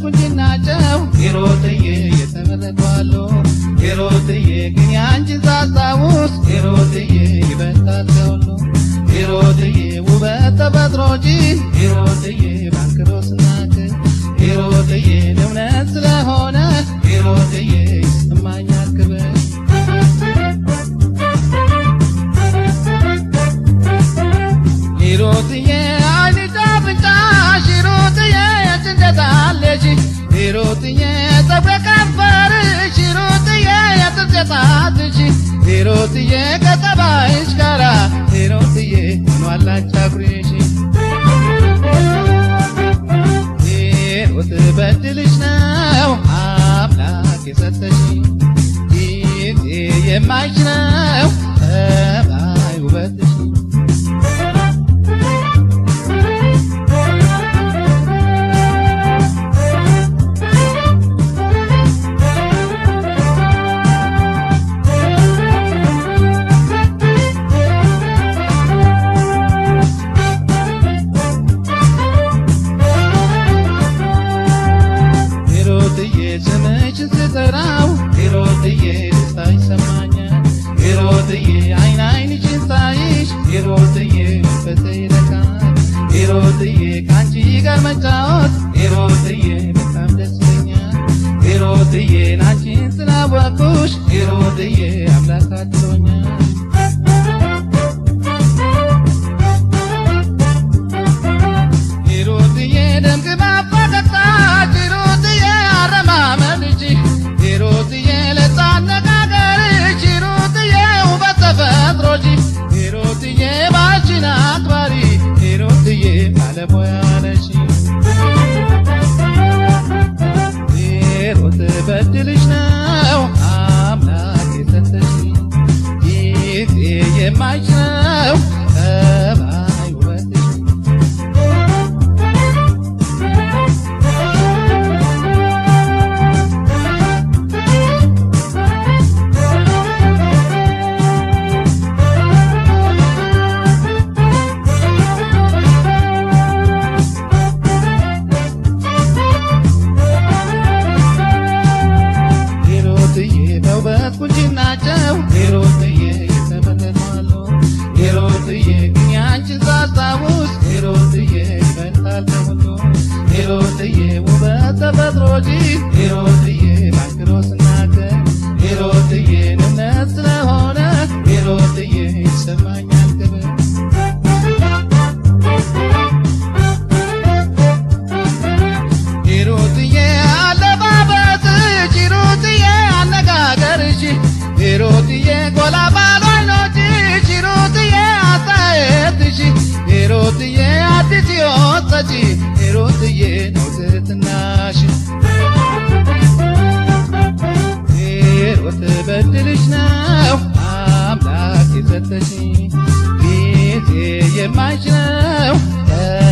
ቁንጅናቸው ሂሮትዬ የተመረቷሉ ሂሮትዬ ግን ያንቺ ሳሳውስ ሂሮትዬ ይበልጣል ከሁሉ ውበት ተፈጥሮጂ ሂሮትዬ ባንክሮ ስናት ሂሮትዬ እምነት ስለሆነ ሂሩትዬ ፀጉረ ከንፈርሽ ሂሩትዬ የጥርሴጣትሽ ሂሩትዬ ከጸባይሽ ጋራ ስምሽን ስጠራው ሂሮትዬ ደስታ ይሰማኛል። ሂሮትዬ አይን አይንሽን ሳይሽ ሂሮትዬ መንፈሴ ይረካል። ሂሮትዬ ከአንቺ ጋር መጫወት ሂሮትዬ በጣም ደስ ይለኛል። ሂሮትዬ አንቺን ስላወቅኩሽ ሂሮትዬ አምላክ አድሎኛል። ልጅ ነው አምላክ የሰጠኝ ይህ የማይችለው ሮትዬ ውበት ተፈጥሮጂ ሮትዬ ማክሮስ ስትመጪ ሄሮትዬ ነው ትትናሽ ሄሮት በድልሽ ነው አምላክ የሰጠሽ ጊዜ የማይሽ ነው